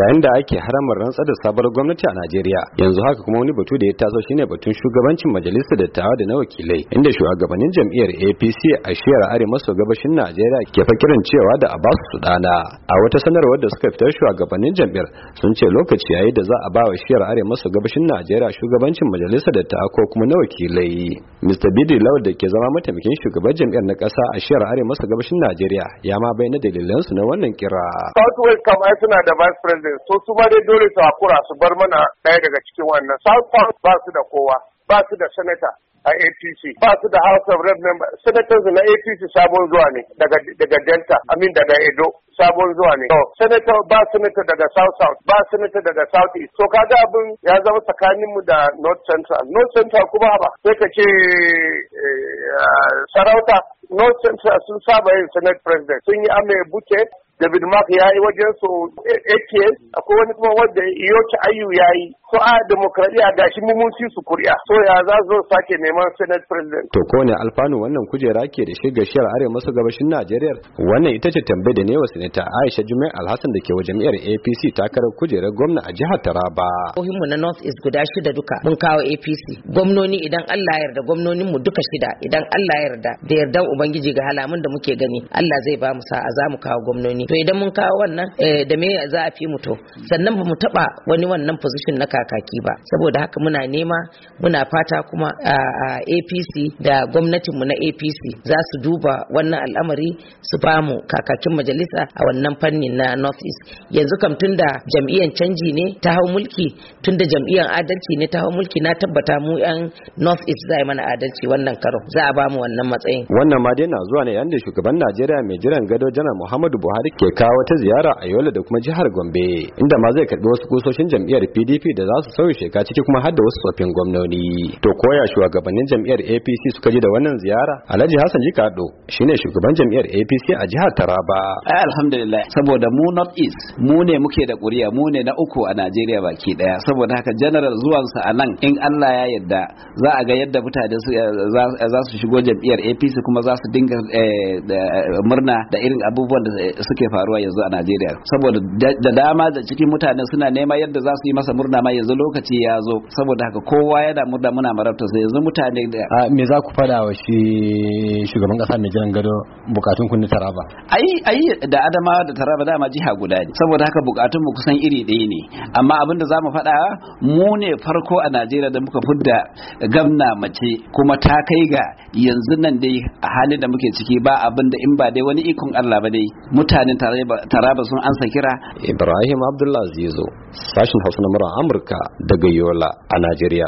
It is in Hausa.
yayin da ake haramar rantsar da sabar gwamnati a Najeriya yanzu haka kuma wani batu da ya taso shine batun shugabancin majalisar dattawa da na wakilai inda shugabannin jam'iyyar APC a shiyar arewa maso gabashin Najeriya ke fakirin cewa da su Sudana a wata sanarwar da suka fitar shugabannin jam'iyyar sun ce lokaci yayi da za a ba wa shiyar arewa maso gabashin Najeriya shugabancin majalisar dattawa ko kuma na wakilai Mr. Bidi Law da ke zama mataimakin shugaban jam'iyyar na ƙasa a shiyar arewa maso gabashin Najeriya ya ma bayyana dalilansu na wannan kira Southwest kamar suna da vice da so su ba dai dole su hakura su bar mana ɗaya daga cikin wannan south park ba su da kowa ba su da senator a APC ba su da House of Rep member senators na APC sabon zuwa ne daga daga Delta amin daga Edo sabon zuwa ne senator ba senator daga South South ba senator daga South East so kaga abin ya zama tsakanin mu da North Central North Central kuma ba sai ka ce eh, sarauta North Central sun saba yin Senate President sun yi Ame buke. David Mark ya yi wajen so AK eh, eh, eh, akwai wani kuma wanda Yoki Ayu ya yi. So a demokradiya gashi shi mun ci su kuri'a. So ya za zo sake neman Senate President. To ko ne alfanu wannan kujera ke da shi ga shiyar arewa maso gabashin Najeriya? Wannan ita ce tambayar da ne wa ta Aisha Jumai Alhassan da ke wa jam'iyyar APC takarar kujerar gwamna a jihar Taraba. Muhimmu na North East guda shida duka mun kawo APC. Gwamnoni idan Allah ya yarda gwamnonin mu duka shida idan Allah ya yarda da yardan Ubangiji ga halamun da muke gani Allah zai ba mu sa'a za mu kawo gwamnoni. to idan mun kawo wannan eh, da me za a fi mu sannan ba mu taba wani wannan position na kakaki ba saboda haka muna nema muna fata kuma a APC da gwamnatin mu na APC za su duba wannan al'amari su ba mu kakakin majalisa a wannan fanni na North East yanzu kam tunda jam'iyyar canji ne ta hau mulki tunda jam'iyyar adalci ne ta hau mulki na tabbata mu yan North East za mana adalci wannan karo za a ba mu wannan matsayin wannan ma dai na zuwa ne yanda shugaban Najeriya mai jiran gado janar Muhammadu Buhari ke kawo wata ziyara a yola da kuma jihar gombe inda ma zai karbi wasu kusoshin jam'iyyar pdp da za su sauya sheka ciki kuma har da wasu tsoffin gwamnoni to koya shugabannin jam'iyyar apc suka ji da wannan ziyara alhaji hassan jikado shine shugaban jam'iyyar apc a jihar taraba ai alhamdulillah saboda mu north east mu ne muke da kuriya mu ne na uku a najeriya baki daya saboda haka general zuwan a anan in allah ya yarda za a ga yadda mutane eh, eh, za su shigo jam'iyyar apc kuma za su dinga eh, murna da irin abubuwan da suke yake faruwa yanzu a Najeriya saboda da dama da cikin mutane suna nema yadda za su yi masa murna ma yanzu lokaci ya zo saboda haka kowa da murna muna marabta sai yanzu mutane da me za ku fada wa shi shugaban kasar jiran gado bukatun kun Taraba ai ai da Adamawa da Taraba dama jiha guda ne saboda haka bukatun mu kusan iri ɗaya ne amma abin da zamu fada mu ne farko a Najeriya da muka fudda gamna mace kuma ta kai ga yanzu nan dai a halin da muke ciki ba abin da in ba dai wani ikon Allah ba dai mutane mutanen taraba sun ansa kira ibrahim abdullahi zizo sashin hausa na mura amurka daga yola a najeriya